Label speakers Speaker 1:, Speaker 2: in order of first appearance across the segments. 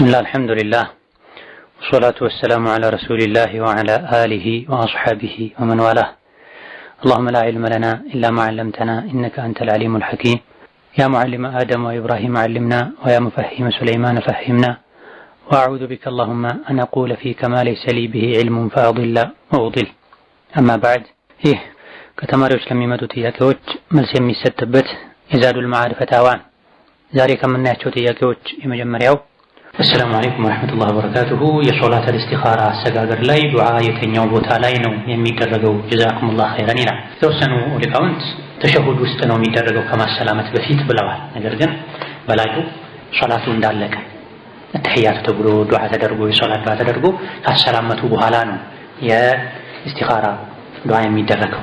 Speaker 1: بسم الله الحمد لله والصلاة والسلام على رسول الله وعلى آله وأصحابه ومن والاه اللهم لا علم لنا إلا ما علمتنا إنك أنت العليم الحكيم يا معلم آدم وإبراهيم علمنا ويا مفهم سليمان فهمنا وأعوذ بك اللهم أن أقول فيك ما ليس لي به علم فأضل وأضل أما بعد إيه ይህ ከተማሪዎች ለሚመጡ ستبت يزاد المعارف تاوان ذلك من ዛሬ ከምናያቸው ጥያቄዎች የመጀመሪያው አሰላሙ አለይኩም ወረሕመቱላህ ወበረካቱሁ። የሶላት አልእስቲኻራ አሰጋገር ላይ ዱዓ የተኛው ቦታ ላይ ነው የሚደረገው? ጀዛኩሙላህ ኸይረን ይላል። የተወሰኑ ሊቃውንት ተሸሁድ ውስጥ ነው የሚደረገው ከማሰላመት በፊት ብለዋል። ነገር ግን በላጩ ሶላቱ እንዳለቀ ተሕያቱ ተብሎ ዱዓ ተደርጎ የሶላት ዱዓ ተደርጎ ካሰላመቱ በኋላ ነው የእስቲኻራ ዱዓ የሚደረገው።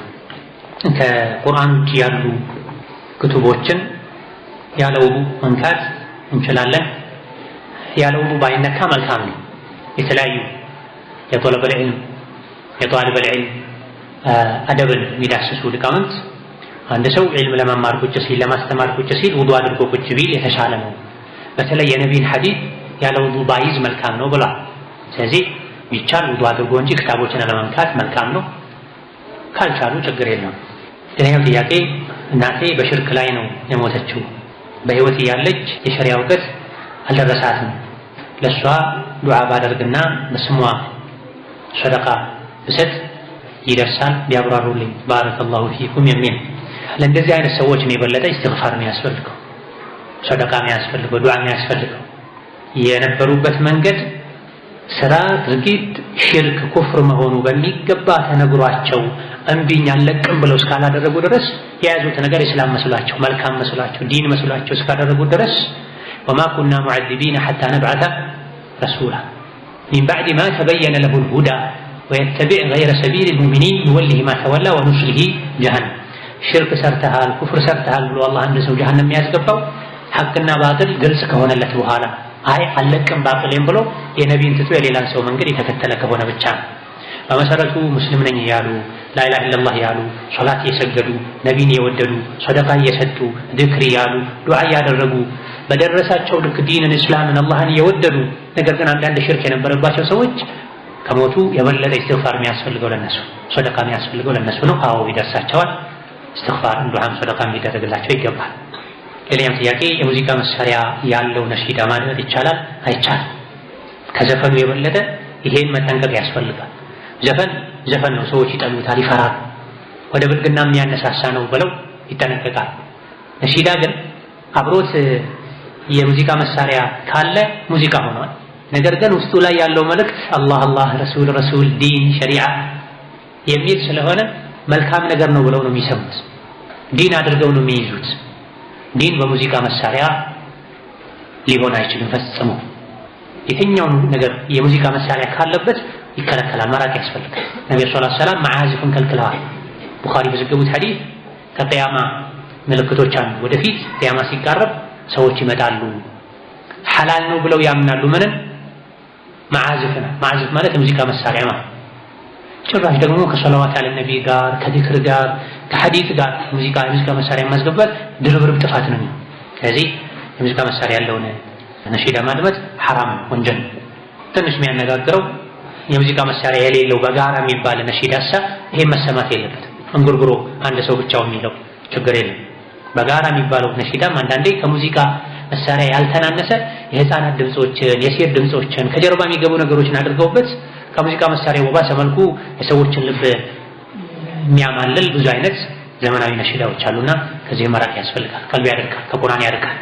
Speaker 1: ከቁርአን ውጭ ያሉ ክቱቦችን ያለው ውዱእ መንካት እንችላለን? ያለውኑ ባይነካ መልካም ነው። የተለያዩ የጦለበል ዒልም የጧልበል ዒልም አደብን የሚዳስሱ ሊቃውንት አንድ ሰው ዒልም ለመማር ቁጭ ሲል ለማስተማር ቁጭ ሲል ውዱ አድርጎ ቁጭ ቢል የተሻለ ነው። በተለይ የነቢይን ሐዲስ ያለ ውዱ ባይዝ መልካም ነው ብሏል። ስለዚህ ይቻል ውዱ አድርጎ እንጂ ክታቦችን አለመንካት መልካም ነው። ካልቻሉ ችግር የለም። ሌላኛው ጥያቄ እናቴ በሽርክ ላይ ነው የሞተችው። በህይወት እያለች የሸሪያ እውቀት አልደረሳትም። ለእሷ ዱዓ ባደርግና በስሟ ሰደቃ ብሰጥ ይደርሳል ቢያብራሩልኝ ባረከላሁ ፊኩም የሚል ለእንደዚህ አይነት ሰዎች ነው የበለጠ ኢስትግፋር የሚያስፈልገው ሰደቃ የሚያስፈልገው ዱዓ የሚያስፈልገው የነበሩበት መንገድ ስራ ድርጊት ሽርክ ኩፍር መሆኑ በሚገባ ተነግሯቸው እምቢኝ አለቅም ብለው እስካላደረጉ ድረስ የያዙት ነገር ኢስላም መስሏቸው መልካም መስሏቸው ዲን መስሏቸው እስካደረጉ ድረስ وما كنا معذبين حتى نبعث رسولا من بعد ما تبين له الهدى ويتبع غير سبيل المؤمنين نوله ما تولى ونصله جهنم شرك سرتها الكفر سرتها لو الله أن نسو جهنم يسقفه حقنا باطل قلس كهونا لتوهانا هاي علقن باطل ينبلو يا نبي انت تتوى لان سو منقر يتكتلك هنا بالشام በመሰረቱ ሙስሊም ነኝ እያሉ ላይላ ኢላላህ እያሉ ሶላት እየሰገዱ ነቢን እየወደዱ ሰደቃ እየሰጡ ድክር እያሉ ዱዓ እያደረጉ በደረሳቸው ልክ ዲንን፣ እስላምን፣ አላህን እየወደዱ ነገር ግን አንዳንድ ሽርክ የነበረባቸው ሰዎች ከሞቱ የበለጠ እስትግፋር የሚያስፈልገው ለነሱ ሶደቃ የሚያስፈልገው ለነሱ ነው። አዎ ይደርሳቸዋል። እስትግፋር ዱዓም ሶደቃ የሚደረግላቸው ይገባል። ሌላኛም ጥያቄ የሙዚቃ መሳሪያ ያለው ነሺዳ ማድረግ ይቻላል አይቻልም? ከዘፈኑ የበለጠ ይሄን መጠንቀቅ ያስፈልጋል። ዘፈን ዘፈን ነው፣ ሰዎች ይጠሉታል፣ ይፈራሉ። ወደ ብልግና የሚያነሳሳ ነው ብለው ይጠነቀቃል። ነሺዳ ግን አብሮት የሙዚቃ መሳሪያ ካለ ሙዚቃ ሆኗል። ነገር ግን ውስጡ ላይ ያለው መልእክት አላህ አላህ፣ ረሱል ረሱል፣ ዲን ሸሪዓ የሚል ስለሆነ መልካም ነገር ነው ብለው ነው የሚሰሙት። ዲን አድርገው ነው የሚይዙት። ዲን በሙዚቃ መሳሪያ ሊሆን አይችልም ፈጽሞ። የትኛውን ነገር የሙዚቃ መሳሪያ ካለበት ይከለከላል፣ መራቅ ያስፈልጋል። ነቢ ሰለላሁ ዐለይሂ መዓዚፍን ከልክለዋል። ቡኻሪ በዘገቡት ሐዲስ ከቅያማ ምልክቶች አንዱ ወደፊት ቅያማ ሲቃረብ ሰዎች ይመጣሉ። ሐላል ነው ብለው ያምናሉ። ምንም ነው። ማዓዝፍ ማለት የሙዚቃ መሳሪያ ማለት ጭራሽ ደግሞ ከሰላዋት አለ ነቢ ጋር ከዚክር ጋር ከሐዲት ጋር ሙዚቃ የሙዚቃ መሳሪያ ማስገባት ድርብርብ ጥፋት ነው። ስለዚህ የሙዚቃ መሳሪያ ያለውን ነሺዳ ማድመጥ ሐራም ወንጀል። ትንሽ የሚያነጋግረው የሙዚቃ መሳሪያ የሌለው በጋራ የሚባል ነሺዳ ሳ ይሄ መሰማት የለበትም። እንጉርጉሮ አንድ ሰው ብቻው የሚለው ችግር የለም። በጋራ የሚባለው ነሺዳም አንዳንዴ ከሙዚቃ መሳሪያ ያልተናነሰ የህፃናት ድምፆችን፣ የሴት ድምፆችን ከጀርባ የሚገቡ ነገሮችን አድርገውበት ከሙዚቃ መሳሪያ በባሰ መልኩ የሰዎችን ልብ የሚያማልል ብዙ አይነት ዘመናዊ ነሺዳዎች አሉና ከዚህ መራቅ ያስፈልጋል። ቀልብ ያደርጋል፣ ከቁርአን ያደርጋል።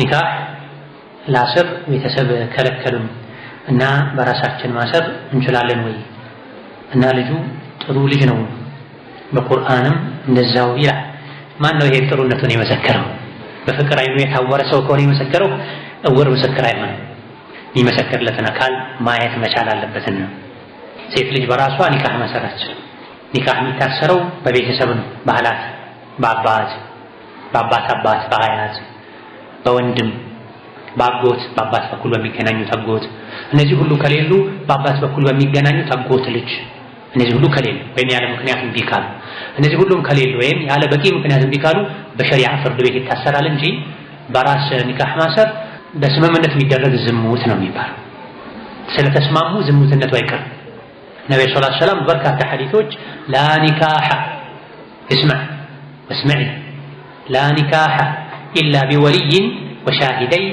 Speaker 1: ኒካህ ላስር ቤተሰብ ከለከሉን እና በራሳችን ማሰር እንችላለን ወይ? እና ልጁ ጥሩ ልጅ ነው በቁርአንም እንደዛው ይላል ማን ነው ይሄ ጥሩነቱን የመሰከረው? በፍቅር አይኑ የታወረ ሰው ከሆነ የመሰከረው እውር ምስክር አይሆንም። የሚመሰክርለትን አካል ማየት መቻል አለበትና ሴት ልጅ በራሷ ኒካህ መሰረች። ኒካህ የሚታሰረው በቤተሰብ ነው፣ ባህላት በአባት በአባት አባት፣ በአያት፣ በወንድም፣ በአጎት በአባት በኩል በሚገናኙት አጎት፣ እነዚህ ሁሉ ከሌሉ በአባት በኩል በሚገናኙት አጎት ልጅ እነዚህ ሁሉ ከሌሉ ወይም ያለ ምክንያት እምቢ ካሉ እነዚህ ሁሉም ከሌሉ ወይም ያለ በቂ ምክንያት እምቢ ካሉ በሸሪዓ ፍርድ ቤት ይታሰራል እንጂ በራስ ኒካህ ማሰር በስምምነት የሚደረግ ዝሙት ነው የሚባለው። ስለተስማሙ ዝሙትነቱ አይቀርም። ነቢ ስ ሰላም በርካታ ሐዲሶች ላ ኒካህ እስማዕ ወስመዒ ኢላ ቢወልይን ወሻሂደይ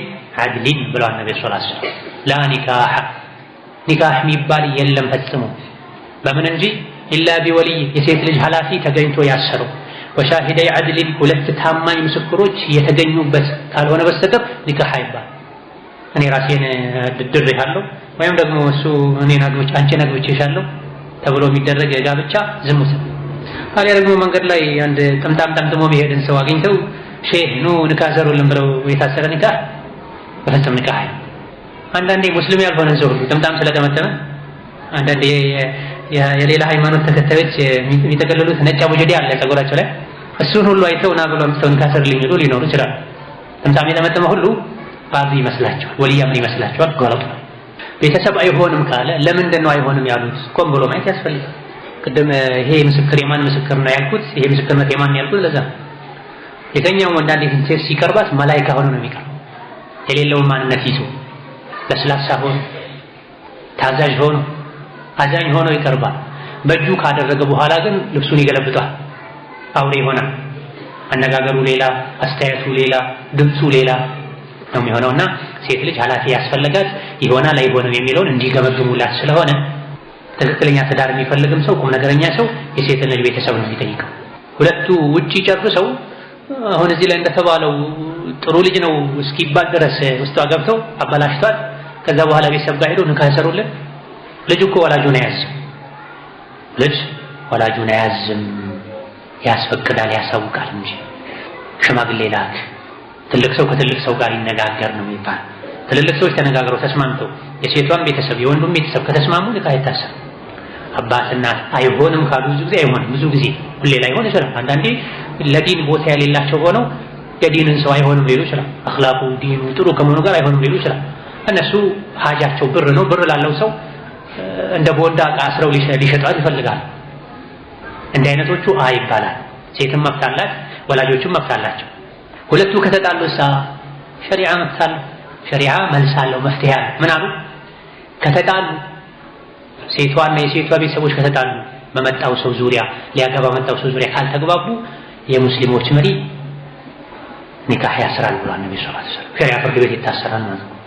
Speaker 1: ዓድሊን ብለዋል ነቢ ስ ዐለይሂ ወሰለም። ኒካህ ኒካህ የሚባል የለም ፈጽሞ በምን እንጂ ኢላ ቢወልይ የሴት ልጅ ኃላፊ ተገኝቶ ያሰረው ወሻሂደይ አድሊን ሁለት ታማኝ ምስክሮች የተገኙበት ካልሆነ በስተቀር ኒካህ አይባል። እኔ ራሴን ድሬሃለሁ ወይም ደግሞ እሱ እኔን አግብቼ አንቺን አግብቼሻለሁ ተብሎ የሚደረግ ጋብቻ ዝሙት። ታዲያ ደግሞ መንገድ ላይ አንድ ጥምጣም ጠምጥሞ የሚሄድን ሰው አግኝተው ሼህ ኑ ኒካህ ዘሩልን ብለው የታሰረ ኒካህ በፍጹም ኒካህ። አንዳንዴ ሙስሊም ያልሆነን ሰው ሁሉ ጥምጣም ስለጠመጠመ አንዳንዴ የሌላ ሃይማኖት ተከታዮች የሚጠቀልሉት ነጭ አቡጀዴ አለ ጸጉራቸው ላይ እሱን ሁሉ አይተው ና ብሎ አምጥተው እንካሰር ሊሚሉ ሊኖሩ ይችላሉ። ጥምጣም የጠመጠመ ሁሉ ቃዲ ይመስላቸዋል፣ ወልያም ይመስላቸዋል። ገለጡ ቤተሰብ አይሆንም ካለ ለምንድን ነው አይሆንም ያሉት? ቆም ብሎ ማየት ያስፈልጋል። ቅድም ይሄ ምስክር የማን ምስክር ነው ያልኩት፣ ይሄ ምስክርነት የማን ያልኩት ለዛ ነው። የተኛው ወንድ ሴት ሲቀርባት መላኢካ ሆኖ ነው የሚቀርበው። የሌለውን ማንነት ይዞ ለስላሳ ሆኖ ታዛዥ ሆኖ አዛኝ ሆኖ ይቀርባል። በእጁ ካደረገ በኋላ ግን ልብሱን ይገለብጣል። አውሬ ይሆናል። አነጋገሩ ሌላ፣ አስተያየቱ ሌላ፣ ድምፁ ሌላ ነው የሚሆነውና ሴት ልጅ ኃላፊ ያስፈለጋት ይሆናል አይሆንም የሚለውን እንዲገመግሙላት ስለሆነ ትክክለኛ ትዳር የሚፈልግም ሰው ቁም ነገረኛ ሰው የሴትን ልጅ ቤተሰብ ነው የሚጠይቀው። ሁለቱ ውጪ ጨርሰው አሁን እዚህ ላይ እንደተባለው ጥሩ ልጅ ነው እስኪባል ድረስ ውስጧ ገብተው አበላሽቷል። ከዛ በኋላ ቤተሰብ ጋር ሄዶ ንካ ሰሩልን ልጅ እኮ ወላጁን አያዝም። ልጅ ወላጁን አያዝም፣ ያስፈቅዳል፣ ያሳውቃል እንጂ ሽማግሌ ላክ፣ ትልቅ ሰው ከትልቅ ሰው ጋር ይነጋገር ነው የሚባል። ትልልቅ ሰዎች ተነጋግረው ተስማምተው የሴቷን ቤተሰብ የወንዱን ቤተሰብ ከተስማሙ ልካ አይታሰብ። አባት እናት አይሆንም ካሉ ብዙ ጊዜ አይሆንም። ብዙ ጊዜ ሁሌ ላይሆን ይችላል። አንዳንዴ ለዲን ቦታ የሌላቸው ሆነው የዲንን ሰው አይሆንም ሊሉ ይችላል። አኽላቁ ዲኑ ጥሩ ከመሆኑ ጋር አይሆንም ሊሉ ይችላል። እነሱ ሀጃቸው ብር ነው። ብር ላለው ሰው እንደ ቦንዳ ዕቃ አስረው ሊሸጧት ይፈልጋሉ። እንዲህ አይነቶቹ አ ይባላል። ሴትም መብት አላት፣ ወላጆችም መብት አላቸው። ሁለቱ ከተጣሉሳ ሸሪዓ መብት አለው። ሸሪዓ መልስ አለው፣ መፍትሄ አለው። ምን አሉ? ከተጣሉ ሴቷና የሴቷ ቤተሰቦች ከተጣሉ በመጣው ሰው ዙሪያ ሊያገባ መጣው ሰው ዙሪያ ካልተግባቡ የሙስሊሞች መሪ ኒካህ ያስራል ብሏል ነብዩ ሰለላሁ ዐለይሂ ወሰለም። ሸሪዓ ፍርድ ቤት ይታሰራል ማለት ነው።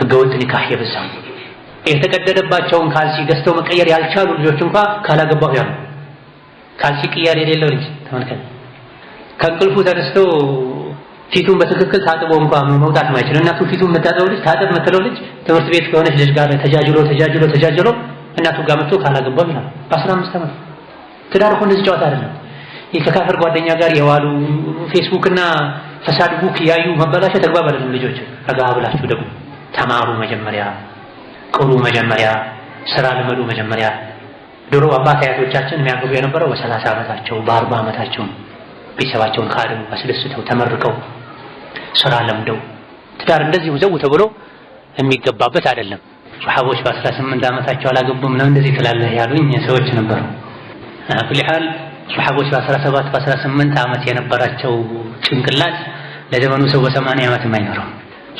Speaker 1: ህገወጥ ኒካህ የበዛው የተቀደደባቸውን ካልሲ ገዝተው መቀየር ያልቻሉ ልጆች እንኳ ካላገባሁ ያሉ ካልሲ ቅያር የሌለው ልጅ ተመልከት። ከእንቅልፉ ተነስቶ ፊቱን በትክክል ታጥቦ እንኳ መውጣት ማይችል እናቱ ፊቱን የምታጠው ልጅ ታጥብ የምትለው ልጅ ትምህርት ቤት ከሆነች ልጅ ጋር ተጃጅሎ ተጃጅሎ ተጃጅሎ እናቱ ጋር መጥቶ ካላገባሁ ይላል። በአስራ አምስት ዓመት ትዳር እኮ እንደዚህ ጨዋታ አይደለም። ከካፈር ጓደኛ ጋር የዋሉ ፌስቡክ እና ፈሳድ ቡክ ያዩ መበላሸት ተግባብ አይደለም። ልጆች ረጋ ብላችሁ ደግሞ ተማሩ መጀመሪያ ቅሩ መጀመሪያ ስራ ልመዱ መጀመሪያ። ድሮ አባት አያቶቻችን የሚያገቡ የነበረው በሰላሳ ዓመታቸው በአርባ ዓመታቸው ቤተሰባቸውን ካድም አስደስተው ተመርቀው ስራ ለምደው ትዳር እንደዚሁ ዘው ተብሎ የሚገባበት አይደለም። ሰሓቦች በአስራ ስምንት ዓመታቸው አላገቡም ነው እንደዚህ ትላለህ ያሉኝ ሰዎች ነበሩ። ፍሊሃል ሰሓቦች በአስራ ሰባት በአስራ ስምንት ዓመት የነበራቸው ጭንቅላት ለዘመኑ ሰው በሰማንያ ዓመት የማይኖረው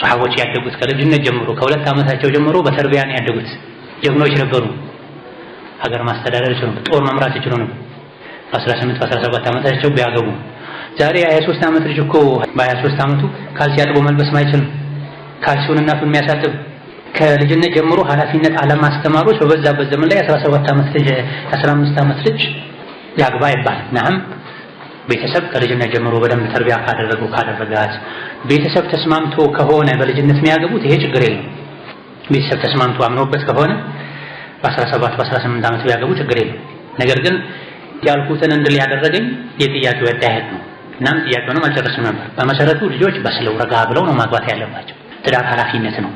Speaker 1: ሰሓቦች ያደጉት ከልጅነት ጀምሮ ከሁለት ዓመታቸው ጀምሮ በተርቢያን ያደጉት። ጀግኖች ነበሩ። ሀገር ማስተዳደር ይችሉ ነበር። ጦር መምራት ይችሉ ነበር። በ18 በ17 ዓመታቸው ቢያገቡ ዛሬ የ23 ዓመት ልጅ እኮ በ23 ዓመቱ ካልሲ አጥቦ መልበስ ማይችል ካልሲውን እናቱን የሚያሳጥብ ከልጅነት ጀምሮ ኃላፊነት አለማስተማሮች በበዛበት ዘመን ላይ 17 ዓመት ልጅ 15 ዓመት ልጅ ያግባ ይባል ናም ቤተሰብ ከልጅነት ጀምሮ በደንብ ተርቢያ ካደረጉ ካደረጋት ቤተሰብ ተስማምቶ ከሆነ በልጅነት የሚያገቡት ይሄ ችግር የለም። ቤተሰብ ተስማምቶ አምኖበት ከሆነ በ17 በ18 ዓመት ቢያገቡ ችግር የለም። ነገር ግን ያልኩትን እንድል ያደረገኝ የጥያቄው አካሄድ ነው። እናም ጥያቄውንም አልጨርስም ነበር። በመሰረቱ ልጆች በስለው ረጋ ብለው ነው ማግባት ያለባቸው። ትዳር ኃላፊነት ነው።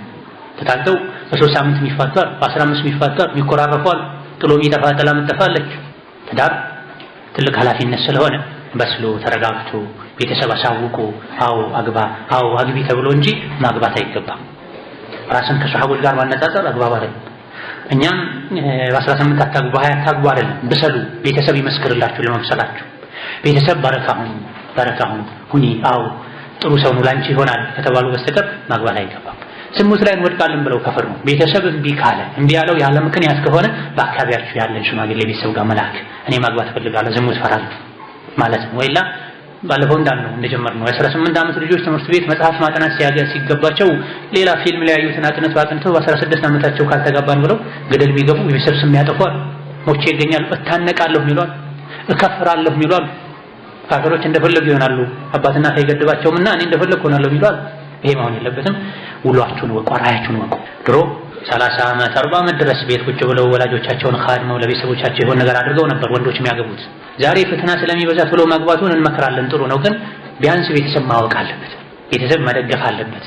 Speaker 1: ተጣልተው በሶስት ሳምንት የሚፋቷል፣ በ15 የሚፋቷል፣ የሚኮራረፏል፣ ጥሎ የሚጠፋ ጥላ ትዳር ትልቅ ኃላፊነት ስለሆነ በስሎ ተረጋግቶ ቤተሰብ አሳውቆ አዎ አግባ፣ አዎ አግቢ ተብሎ እንጂ ማግባት አይገባም። ራስን ከሰሃቦች ጋር ማነጻጸር አግባብ አይደለም። እኛም በ18 አታግቡ፣ በ20 አታግቡ አይደለም። ብሰሉ፣ ቤተሰብ ይመስክርላችሁ ለመምሰላችሁ። ቤተሰብ በረካ ሁኑ፣ ሁኒ፣ አዎ ጥሩ ሰው ነው ላንቺ ይሆናል ከተባሉ በስተቀር ማግባት አይገባም። ዝሙት ላይ እንወድቃለን ብለው ከፈሩ ነው። ቤተሰብ እምቢ ካለ እምቢ ያለው ያለ ምክንያት ከሆነ በአካባቢያችሁ ያለን ሽማግሌ ቤተሰብ ጋር መላክ እኔ ማግባት እፈልጋለሁ ዝሙት ፈራለሁ ማለት ነው። ወይላ ባለፈው ነው እንደጀመርነው የ18 ዓመት ልጆች ትምህርት ቤት መጽሐፍ ማጥናት ሲገባቸው ሌላ ፊልም ላይ ያዩትን አጥነት ባጥንተው በ16 ዓመታቸው ካልተጋባን ብለው ገደል የሚገቡ የቤተሰብ ስም ሞቼ ይገኛሉ፣ እታነቃለሁ ይሏል፣ እከፍራለሁ ይሏል። ካገሮች እንደፈለጉ ይሆናሉ። አባትና እና እኔ እንደፈለጉ ሆናለሁ ይሏል። ይሄ መሆን የለበትም። ውሏችሁን ወቁ፣ ራያችሁን ወቁ። ድሮ ሰላሳ ዓመት አርባ ዓመት ድረስ ቤት ቁጭ ብለው ወላጆቻቸውን ካድመው ለቤተሰቦቻቸው የሆነ ነገር አድርገው ነበር ወንዶች የሚያገቡት። ዛሬ ፍትና ስለሚበዛ ቶሎ ማግባቱን እንመክራለን፣ ጥሩ ነው። ግን ቢያንስ ቤተሰብ ማወቅ አለበት፣ ቤተሰብ መደገፍ አለበት።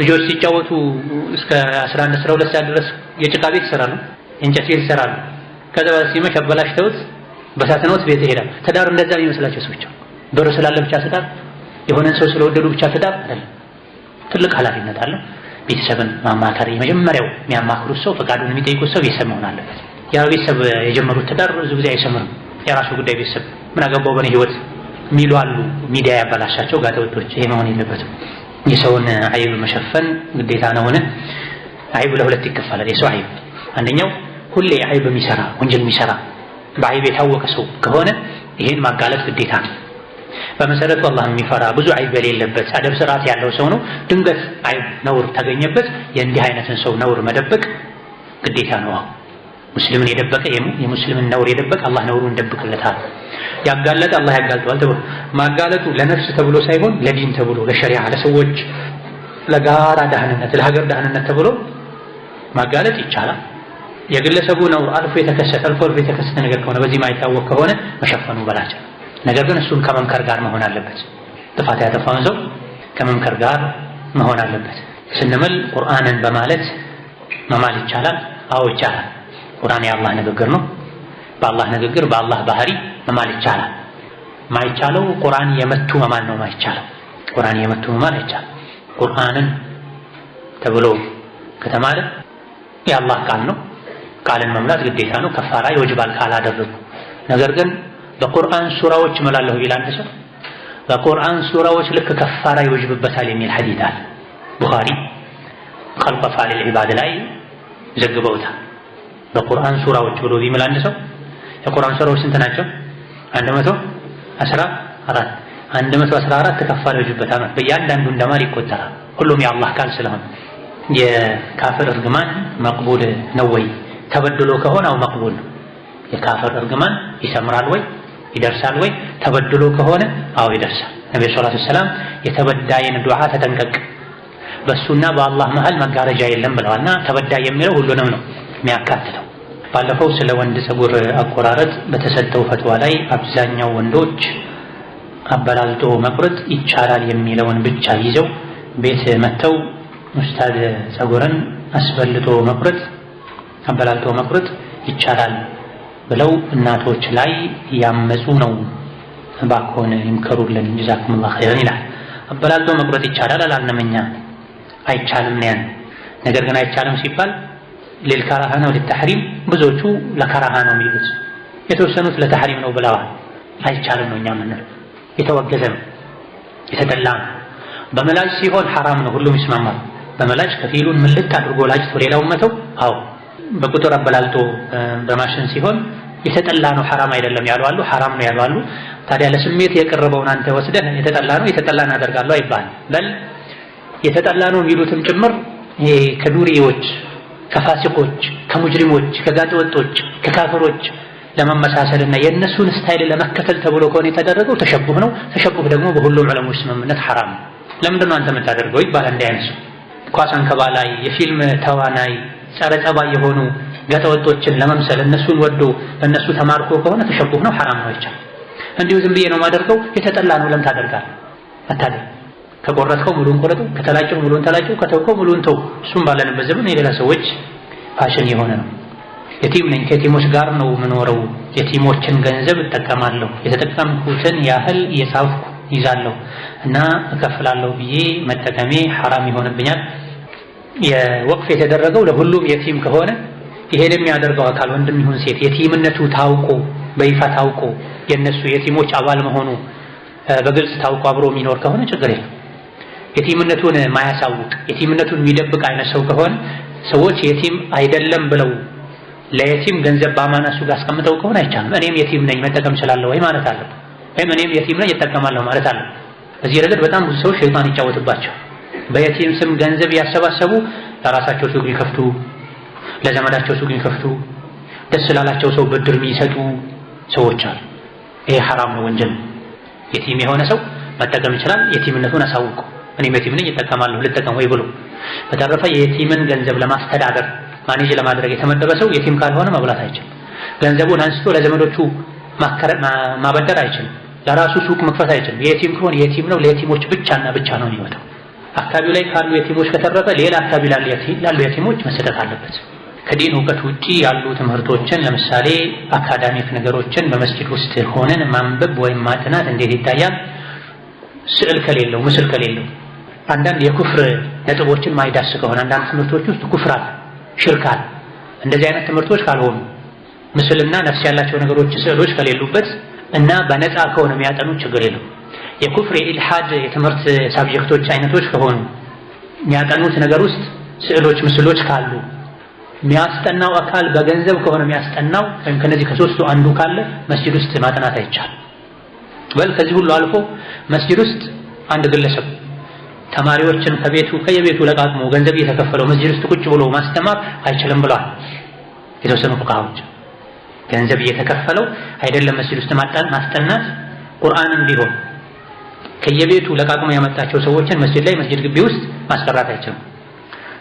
Speaker 1: ልጆች ሲጫወቱ እስከ 11 12 ሰዓት ድረስ የጭቃ ቤት ይሰራሉ፣ የእንጨት ቤት ይሰራሉ። ከዛ ሲመሽ አበላሽተውት በሳትነውት ቤት ይሄዳል። ትዳር እንደዛ የሚመስላቸው ሰዎች ብር ስላለ ብቻ ትዳር፣ የሆነን ሰው ስለወደዱ ብቻ ትዳር አይደለም። ትልቅ ኃላፊነት አለው። ቤተሰብን ማማከር የመጀመሪያው የሚያማክሩት ሰው ፈቃዱን የሚጠይቁት ሰው ቤተሰብ መሆን አለበት። ያ ቤተሰብ የጀመሩት ትዳር ብዙ ጊዜ አይሰምርም። የራሱ ጉዳይ ቤተሰብ ምን አገባው በእኔ ህይወት የሚሉ አሉ። ሚዲያ ያበላሻቸው ጋጠወጦች። ይሄ መሆን የለበትም። የሰውን አይብ መሸፈን ግዴታ ነውን? አይብ ለሁለት ይከፈላል። የሰው አይብ አንደኛው ሁሌ አይብ የሚሰራ ወንጀል የሚሰራ በአይብ የታወቀ ሰው ከሆነ ይሄን ማጋለጥ ግዴታ ነው። በመሰረቱ አላህ የሚፈራ ብዙ አይብ የሌለበት አደብ ስርዓት ያለው ሰው ነው። ድንገት አይብ ነውር ተገኘበት፣ የእንዲህ አይነትን ሰው ነውር መደበቅ ግዴታ ነው። ሙስሊምን የደበቀ የሙስሊምን ነውር የደበቀ አላህ ነውሩን ይደብቅለታል። ያጋለጠ አላህ ያጋልጠዋል ተብሎ ማጋለጡ ለነፍስ ተብሎ ሳይሆን ለዲን ተብሎ ለሸሪዓ፣ ለሰዎች ለጋራ ደህንነት፣ ለሀገር ደህንነት ተብሎ ማጋለጥ ይቻላል። የግለሰቡ ነውር አልፎ የተከሰተ አልፎ አልፎ የተከሰተ ነገር ከሆነ በዚህ ማይታወቅ ከሆነ መሸፈኑ በላጭ ነገር ግን እሱን ከመምከር ጋር መሆን አለበት። ጥፋት ያጠፋውን ሰው ከመምከር ጋር መሆን አለበት ስንምል ቁርአንን በማለት መማል ይቻላል? አዎ ይቻላል። ቁርአን የአላህ ንግግር ነው። በአላህ ንግግር በአላህ ባህሪ መማል ይቻላል። ማይቻለው ቁርአን የመቱ መማል ነው። ማይቻለው ቁርአን የመቱ መማል አይቻልም። ቁርአንን ተብሎ ከተማለ የአላህ ቃል ነው። ቃልን መምላት ግዴታ ነው። ከፋራ ይወጅባል ካላደረጉ ነገር ግን በቁርአን ሱራዎች እምላለሁ ቢል አንድ ሰው በቁርአን ሱራዎች ልክ ከፋራ ይወጅብበታል የሚል ሐዲት አለ። ቡኻሪ ቀልቀ ፋሊል ዒባድ ላይ ዘግበውታል። በቁርአን ሱራዎች ብሎ ቢምል አንድ ሰው የቁርአን ሱራዎች ስንት ናቸው? 114 114 ከፋራ ይወጅብበታል። በእያንዳንዱ እንደማር ይቆጠራል። ሁሉም የአላህ ቃል ስለሆነ የካፍር እርግማን መቅቡል ነው ወይ? ተበድሎ ከሆነ አው መቅቡል ነው። የካፍር እርግማን ይሰምራል ወይ? ይደርሳል ወይ? ተበድሎ ከሆነ አዎ ይደርሳል። ነብዩ ሰለላሁ ዐለይሂ ወሰለም የተበዳይን ዱዓ ተጠንቀቅ፣ በሱና በአላህ መሃል መጋረጃ የለም ብለዋልና ተበዳይ የሚለው ሁሉንም ነው የሚያካትተው። ባለፈው ስለ ወንድ ፀጉር አቆራረጥ በተሰጠው ፈትዋ ላይ አብዛኛው ወንዶች አበላልጦ መቁረጥ ይቻላል የሚለውን ብቻ ይዘው ቤት መጥተው ኡስታዝ ፀጉርን አስበልጦ መቁረጥ አበላልጦ መቁረጥ ይቻላል ብለው እናቶች ላይ ያመፁ ነው። እባክዎን ይምከሩልን ጀዛኩሙላሁ ኸይረን ይላል። አበላልቶ መቁረጥ ይቻላል አላልነመኛ አይቻልም ነው ያን። ነገር ግን አይቻልም ሲባል ሊልከራሃ ነው ሊተሕሪም፣ ብዙዎቹ ለከራሃ ነው የሚሉት፣ የተወሰኑት ለተሕሪም ነው ብለዋል። አይቻልም ነው እኛ ምንል፣ የተወገዘ ነው፣ የተጠላ ነው። በመላጭ ሲሆን ሐራም ነው፣ ሁሉም ይስማማል። በመላጭ ከፊሉን ምልት አድርጎ ላጭቶ ሌላውን መተው አዎ በቁጥር አበላልቶ በማሽን ሲሆን የተጠላ ነው ሐራም አይደለም ያሉ አሉ፣ ሐራም ነው ያሉ አሉ። ታዲያ ለስሜት የቀረበውን አንተ ወስደህ የተጠላ ነው የተጠላ እናደርጋለሁ አይባል። በል የተጠላ ነው የሚሉትም ጭምር ይሄ ከዱሪዎች ከፋሲቆች፣ ከሙጅሪሞች፣ ከጋጠወጦች፣ ከካፈሮች ለመመሳሰልና የእነሱን ስታይል ለመከተል ተብሎ ከሆነ የተደረገው ተሸቡህ ነው። ተሸቡህ ደግሞ በሁሉም ዑለሞች ስምምነት ሐራም ነው። ለምንድን ነው አንተ የምታደርገው ይባል። እንዲህ አይነት ኳስ አንከባላይ፣ የፊልም ተዋናይ፣ ጸረ ጸባይ የሆኑ ገተወጦችን ለመምሰል እነሱን ወዶ በእነሱ ተማርኮ ከሆነ ተሸቡህ ነው፣ ሐራም ነው፣ ይቻል። እንዲሁ ዝም ብዬ ነው ማደርገው የተጠላ ነው ለምን ታደርጋል አታደርግ። ከቆረጥከው ሙሉን ቆረጡ፣ ከተላጨው ሙሉን ተላጨው፣ ከተውከው ሙሉን ተው። እሱም ባለንበት ዘመን የሌላ ሰዎች ፋሽን የሆነ ነው። የቲም ነኝ ከቲሞች ጋር ነው የምኖረው። የቲሞችን ገንዘብ እጠቀማለሁ። የተጠቀምኩትን ያህል እየጻፍኩ ይዛለሁ እና እከፍላለሁ ብዬ መጠቀሜ ሐራም ይሆንብኛል። የወቅፍ የተደረገው ለሁሉም የቲም ከሆነ ይሄ የሚያደርገው አካል ወንድም ይሁን ሴት የቲምነቱ ታውቆ በይፋ ታውቆ የነሱ የቲሞች አባል መሆኑ በግልጽ ታውቆ አብሮ የሚኖር ከሆነ ችግር የለም። የቲምነቱን ማያሳውቅ የቲምነቱን የሚደብቅ አይነት ሰው ከሆነ ሰዎች የቲም አይደለም ብለው ለየቲም ገንዘብ በአማና እሱ ጋር አስቀምጠው ከሆነ አይቻልም። እኔም የቲም ነኝ መጠቀም እችላለሁ ወይ ማለት አለ ወይም እኔም የቲም ነኝ እጠቀማለሁ ማለት አለ። በዚህ ረገድ በጣም ብዙ ሰዎች ሸይጣን ይጫወትባቸው። በየቲም ስም ገንዘብ ያሰባሰቡ ለራሳቸው ሱቅ ይከፍቱ ለዘመዳቸው ሱቅ የሚከፍቱ ደስ ላላቸው ሰው ብድር የሚሰጡ ሰዎች አሉ። ይሄ ሐራም ነው፣ ወንጀል የቲም የሆነ ሰው መጠቀም ይችላል። የቲምነቱን አሳውቁ። እኔም የቲም ነኝ እጠቀማለሁ፣ ልጠቀም ወይ ብሎ። በተረፈ የቲምን ገንዘብ ለማስተዳደር ማኔጅ ለማድረግ የተመደበ ሰው የቲም ካልሆነ መብላት አይችልም። ገንዘቡን አንስቶ ለዘመዶቹ ማበደር አይችልም። ለራሱ ሱቅ መክፈት አይችልም። የቲም ከሆነ የቲም ነው፣ ለቲሞች ብቻና ብቻ ነው የሚወጣው። አካባቢው ላይ ካሉ የቲሞች ከተረፈ ሌላ አካባቢ ላሉ የቲሞች መሰጠት አለበት። ከዲን እውቀት ውጪ ያሉ ትምህርቶችን ለምሳሌ አካዳሚክ ነገሮችን በመስጂድ ውስጥ ሆነን ማንበብ ወይም ማጥናት እንዴት ይታያል? ስዕል ከሌለው ምስል ከሌለው አንዳንድ የኩፍር ነጥቦችን ማይዳስ ከሆነ አንዳንድ ትምህርቶች ውስጥ ኩፍራል ሽርካል እንደዚህ አይነት ትምህርቶች ካልሆኑ ምስልና ነፍስ ያላቸው ነገሮች ስዕሎች ከሌሉበት እና በነፃ ከሆነ የሚያጠኑት ችግር የለው። የኩፍር የኢልሓድ የትምህርት ሳብጀክቶች አይነቶች ከሆኑ የሚያጠኑት ነገር ውስጥ ስዕሎች ምስሎች ካሉ የሚያስጠናው አካል በገንዘብ ከሆነ የሚያስጠናው ወይም ከነዚህ ከሶስቱ አንዱ ካለ መስጂድ ውስጥ ማጥናት አይቻልም። በል ከዚህ ሁሉ አልፎ መስጂድ ውስጥ አንድ ግለሰብ ተማሪዎችን ከቤቱ ከየቤቱ ለቃቅሞ ገንዘብ እየተከፈለው መስጂድ ውስጥ ቁጭ ብሎ ማስተማር አይችልም ብሏል የተወሰኑ ፉቃዎች። ገንዘብ እየተከፈለው አይደለም መስጂድ ውስጥ ማስጠናት፣ ቁርአንም ቢሆን ከየቤቱ ለቃቅሞ ያመጣቸው ሰዎችን መስጂድ ላይ መስጂድ ግቢ ውስጥ ማስቀራት አይችልም።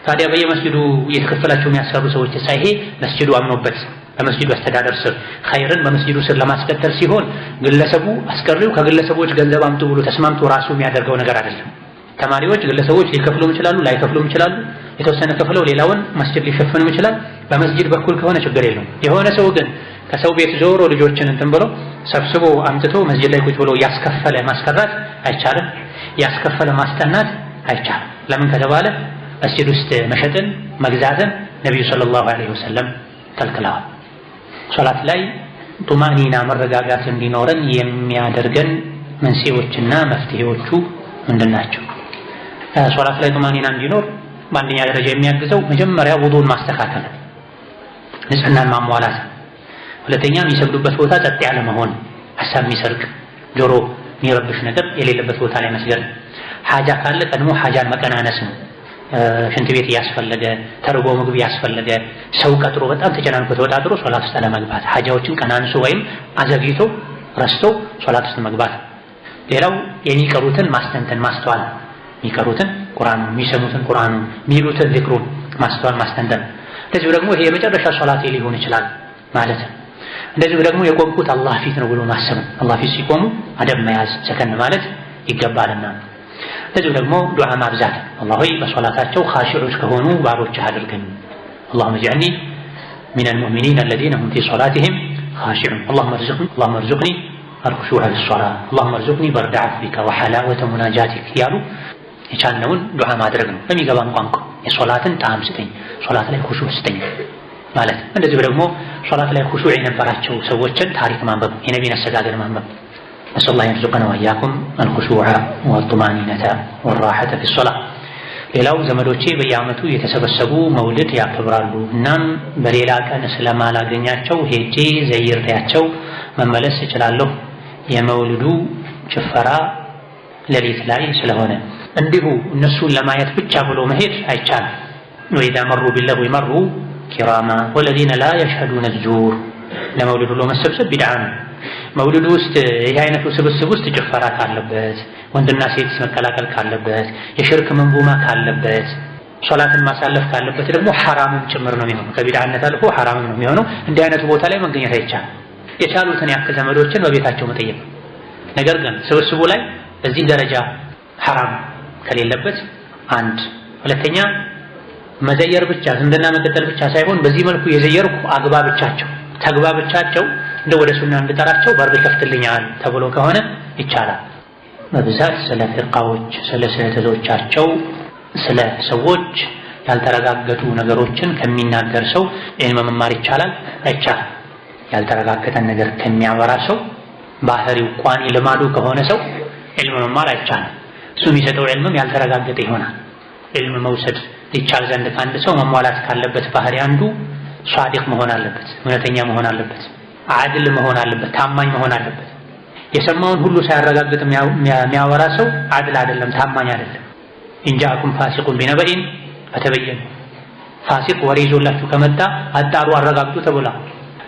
Speaker 1: ታዲያ በየመስጅዱ እየተከፈላቸው የሚያሰሩ ሰዎች ሳይሄ መስጅዱ አምኖበት በመስጅዱ አስተዳደር ስር ኸይርን በመስጅዱ ስር ለማስቀጠል ሲሆን ግለሰቡ አስቀሪው ከግለሰቦች ገንዘብ አምጡ ብሎ ተስማምቶ ራሱ የሚያደርገው ነገር አይደለም። ተማሪዎች ግለሰቦች ሊከፍሉም ይችላሉ፣ ላይከፍሉም ይችላሉ። የተወሰነ ከፍለው ሌላውን መስጅድ ሊሸፍንም ይችላል። በመስጅድ በኩል ከሆነ ችግር የለው። የሆነ ሰው ግን ከሰው ቤት ዞሮ ልጆችን እንትን ብሎ ሰብስቦ አምጥቶ መስጅድ ላይ ቁጭ ብሎ ያስከፈለ ማስቀራት አይቻልም። ያስከፈለ ማስጠናት አይቻልም። ለምን ከተባለ መስጂድ ውስጥ መሸጥን መግዛትን ነቢዩ ሰለላሁ ዐለይሂ ወሰለም ከልክለዋል። ሶላት ላይ ጡማኒና መረጋጋት እንዲኖረን የሚያደርገን መንስኤዎችና መፍትሄዎቹ ምንድን ናቸው? ሶላት ላይ ጡማኒና እንዲኖር በአንደኛ ደረጃ የሚያግዘው መጀመሪያ ውዱን ማስተካከል፣ ንጽህናን ማሟላት፣ ሁለተኛ የሚሰግዱበት ቦታ ጸጥ ያለ መሆን፣ ሀሳብ የሚሰርቅ ጆሮ የሚረብሽ ነገር የሌለበት ቦታ ላይ መስገድ፣ ሐጃ ካለ ቀድሞ ሐጃን መቀናነስ ነው። ሽንት ቤት እያስፈለገ ተርጎ ምግብ እያስፈለገ ሰው ቀጥሮ በጣም ተጨናንቆ ተወጣጥሮ ሶላት ውስጥ አለመግባት፣ ሀጃዎችን ቀናንሶ ወይም አዘግይቶ ረስቶ ሶላት ውስጥ መግባት። ሌላው የሚቀሩትን ማስተንተን ማስተዋል፣ የሚቀሩትን ቁርአኑ፣ የሚሰሙትን ቁርአኑ፣ የሚሉትን ዚክሩን ማስተዋል ማስተንተን። እንደዚሁ ደግሞ ይሄ የመጨረሻ ሶላቴ ሊሆን ይችላል ማለት ነው። እንደዚሁ ደግሞ የቆምኩት አላህ ፊት ነው ብሎ ማሰብ፣ አላህ ፊት ሲቆሙ አደብ መያዝ፣ ሰከን ማለት ይገባልና እንደዚሁ ደግሞ ዱዓ ማብዛት አላህ ሆይ በሶላታቸው ኻሺዑች ከሆኑ ባሮችህ አድርገን። አላሁመ ጅዐልኒ ሚነል ሙእሚኒን አለዚነ ሁም ፊ ሶላቲሂም ኻሺዑን። አላሁመ እርዙቅኒ አልኹሹዕ ፊ ሶላ፣ አላሁመ እርዙቅኒ በርደ ዐፍዊከ ወሐላወተ ሙናጃቲክ እያሉ የቻልነውን ዱዓ ማድረግ ነው። በሚገባን ቋንቋ የሶላትን ጣዕም ስጠኝ፣ ሶላት ላይ ኹሹዕ ስጠኝ ማለት። እንደዚሁ ደግሞ ሶላት ላይ ኹሹዕ የነበራቸው ሰዎችን ታሪክ ማንበብ፣ የነቢን አሰጋገድ ማንበብ ነስአሉ ላህ የርዙቀና ወኢያኩም አልኹሹዕ ወጡማኒነተ ወራሐተ ፊሶላ። ሌላው ዘመዶቼ በየዓመቱ የተሰበሰቡ መውልድ ያከብራሉ። እናም በሌላ ቀን ስለማላገኛቸው ሄጄ ዘይሬያቸው መመለስ እችላለሁ። የመውልዱ ጭፈራ ሌሊት ላይ ስለሆነ እንዲሁ እነሱን ለማየት ብቻ ብሎ መሄድ አይቻልም። ወኢዛ መሩ ቢለህዊ መሩ ኪራማ ወለዚነ ላ የሽሀዱነ ዙር ለመውልድ ብሎ መሰብሰብ ቢድዓ ነው። መውሊድ ውስጥ ይህ አይነቱ ስብስብ ውስጥ ጭፈራ ካለበት፣ ወንድና ሴት መቀላቀል ካለበት፣ የሽርክ መንቡማ ካለበት፣ ሶላትን ማሳለፍ ካለበት ደግሞ ሐራምም ጭምር ነው የሚሆነው። ከቢድዓነት አልፎ ሐራምም ነው የሚሆነው። እንዲህ አይነቱ ቦታ ላይ መገኘት አይቻልም። የቻሉትን ያክል ዘመዶችን በቤታቸው መጠየቅ፣ ነገር ግን ስብስቡ ላይ በዚህ ደረጃ ሐራም ከሌለበት አንድ ሁለተኛ መዘየር ብቻ ዝምድና መቀጠል ብቻ ሳይሆን በዚህ መልኩ የዘየርኩ አግባብቻቸው ተግባብቻቸው እንደ ወደ ሱና እንድጠራቸው በር ይከፍትልኛል ተብሎ ከሆነ ይቻላል። በብዛት ስለ ፊርቃዎች፣ ስለ ስህተቶቻቸው፣ ስለ ሰዎች ያልተረጋገጡ ነገሮችን ከሚናገር ሰው ዒልም መማር ይቻላል አይቻልም? ያልተረጋገጠን ነገር ከሚያወራ ሰው ባህሪው ቋን ልማዱ ከሆነ ሰው ዒልም መማር አይቻልም። እሱ የሚሰጠው ዒልምም ያልተረጋገጠ ይሆናል። ዒልም መውሰድ ይቻል ዘንድ ከአንድ ሰው መሟላት ካለበት ባህሪ አንዱ ሷዲቅ መሆን አለበት፣ እውነተኛ መሆን አለበት። አድል መሆን አለበት፣ ታማኝ መሆን አለበት። የሰማውን ሁሉ ሳያረጋግጥ የሚያወራ ሰው አድል አይደለም፣ ታማኝ አይደለም። እንጃአኩም ፋሲቁን ቢነበኢን በተበየኑ ፋሲቅ ወሬ ይዞላችሁ ከመጣ አጣሩ፣ አረጋግጡ ተብሏል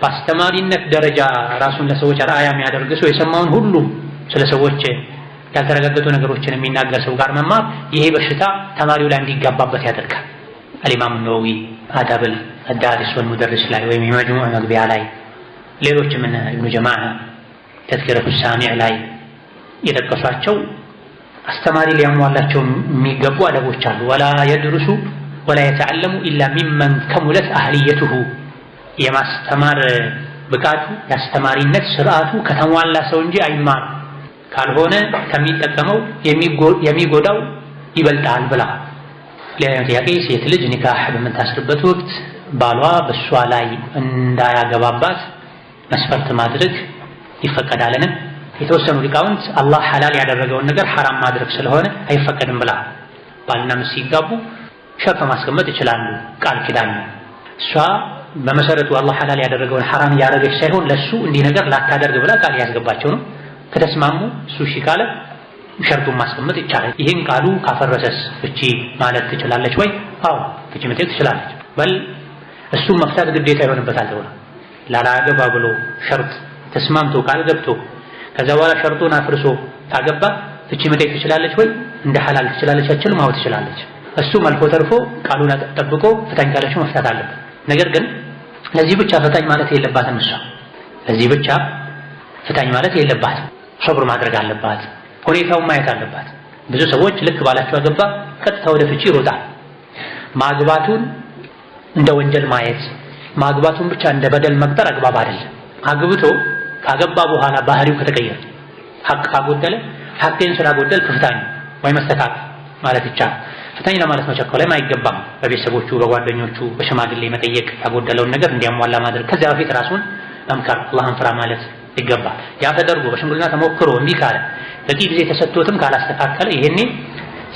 Speaker 1: በአስተማሪነት ደረጃ ራሱን ለሰዎች ራእያ የሚያደርግ ሰው የሰማውን ሁሉ ስለ ሰዎች ያልተረጋገጡ ነገሮችን የሚናገር ሰው ጋር መማር ይሄ በሽታ ተማሪው ላይ እንዲጋባበት ያደርጋል። አልኢማም ነወዊ አዳብል አዳሪስ ወልሙደርስ ላይ ወይም የመጅሙዕ መግቢያ ላይ ሌሎችም እነ ኢብኑ ጀማዓ ተዝኪረቱ ሳሚዕ ላይ የጠቀሷቸው አስተማሪ ሊያሟላቸው የሚገቡ አደቦች አሉ። ወላ የድርሱ ወላ የተዓለሙ ኢላ ሚመን ከሙለት አህልየቱሁ የማስተማር ብቃቱ የአስተማሪነት ስርዓቱ ከተሟላ ሰው እንጂ አይማር ካልሆነ ከሚጠቀመው የሚጎዳው ይበልጣል ብላ። ሌላኛው ጥያቄ ሴት ልጅ ኒካህ በምታስርበት ወቅት ባሏ በእሷ ላይ እንዳያገባባት መስፈርት ማድረግ ይፈቀዳልን? የተወሰኑ ሊቃውንት አላህ ሐላል ያደረገውን ነገር ሐራም ማድረግ ስለሆነ አይፈቀድም ብላ ባልና ሚስት ሲጋቡ ሸርፍ ማስቀመጥ ይችላሉ፣ ቃል ኪዳን እሷ በመሰረቱ አላህ ሐላል ያደረገውን ሐራም እያደረገች ሳይሆን ለሱ እንዲህ ነገር ላታደርግ ብላ ቃል እያስገባቸው ነው። ከተስማሙ እሱ እሺ ካለ ሸርቱን ማስቀመጥ ይቻላል። ይህን ቃሉ ካፈረሰስ ፍቺ ማለት ትችላለች ወይ? አዎ ፍቺ መጠየቅ ትችላለች። በል እሱን መፍታት ግዴታ ይሆንበታል ተብሏል። ላላገባ ብሎ ሸርጥ ተስማምቶ ቃል ገብቶ ከዛ በኋላ ሸርጡን አፍርሶ ታገባ ፍቺ መጠየቅ ትችላለች ወይ? እንደ ሐላል ትችላለች አችልም? አዎ ትችላለች። እሱም አልፎ ተርፎ ቃሉን ጠብቆ ፈታኝ ካለችው መፍታት አለበት። ነገር ግን ለዚህ ብቻ ፈታኝ ማለት የለባትም። እሷ ለዚህ ብቻ ፍታኝ ማለት የለባትም። ሶብር ማድረግ አለባት። ሁኔታውን ማየት አለባት። ብዙ ሰዎች ልክ ባላቸው አገባ ቀጥታ ወደ ፍቺ ይሮጣል። ማግባቱን እንደ ወንጀል ማየት ማግባቱን ብቻ እንደ በደል መቅጠር አግባብ አይደለም። አግብቶ ካገባ በኋላ ባህሪው ከተቀየረ ሐቅ ካጎደለ ሐቅን ስላጎደል ክፍታኝ ወይ መስተካከል ማለት ይቻላል። ፍታኝ ለማለት መቸኮልም አይገባም። በቤተሰቦቹ በጓደኞቹ በሽማግሌ መጠየቅ ያጎደለውን ነገር እንዲያሟላ ማድረግ፣ ከዚያ በፊት ራሱን መምከር፣ አላህን ፍራ ማለት ይገባል። ያ ተደርጎ በሽምግልና ተሞክሮ እምቢ ካለ በቂ ጊዜ ተሰጥቶትም ካላስተካከለ ይሄኔ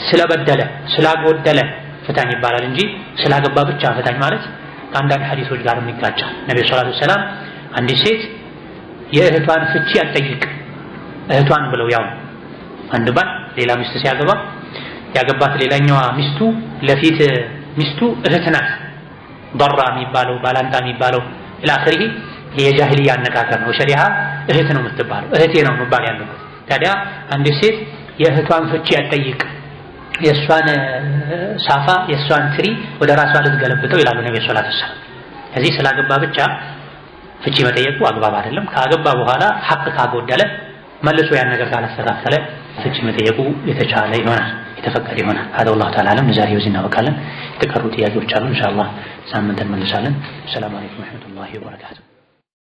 Speaker 1: ስለበደለ ስላጎደለ ፍታኝ ይባላል እንጂ ስላገባ ብቻ ፍታኝ ማለት ከአንዳንድ ሐዲሶች ጋር ይጋጫል። ነቢ ሰላቱ ሰላም አንዲት ሴት የእህቷን ፍቺ አጠይቅ እህቷን ብለው ያው አንድ ባል ሌላ ሚስት ሲያገባ ያገባት ሌላኛዋ ሚስቱ ለፊት ሚስቱ እህት ናት። በራ የሚባለው ባላንጣ የሚባለው ኢላክሪ የጃህልያ አነጋገር ነው። ሸሪሃ እህት ነው የምትባለው እህቴ ነው የምባል ያለበት። ታዲያ አንዲት ሴት የእህቷን ፍቺ አጠይቅ የእሷን ሳፋ የእሷን ትሪ ወደ ራሷ ልትገለብጠው ይላሉ ነቢ ሰላት ሰላም። እዚህ ስላገባ ብቻ ፍቺ መጠየቁ አግባብ አይደለም። ካገባ በኋላ ሀቅ ካጎደለ መልሶ ያን ነገር ካላስተካከለ ፍቺ መጠየቁ የተቻለ ይሆናል፣ የተፈቀደ ይሆናል። ሀደ ወላሁ ተዓላ አለም። ዛሬው እዚህ እናበቃለን። የተቀሩ ጥያቄዎች አሉ። ኢንሻአላህ ሳምንት እንመልሳለን። ሰላም አለይኩም ወረሕመቱላሂ ወበረካቱ።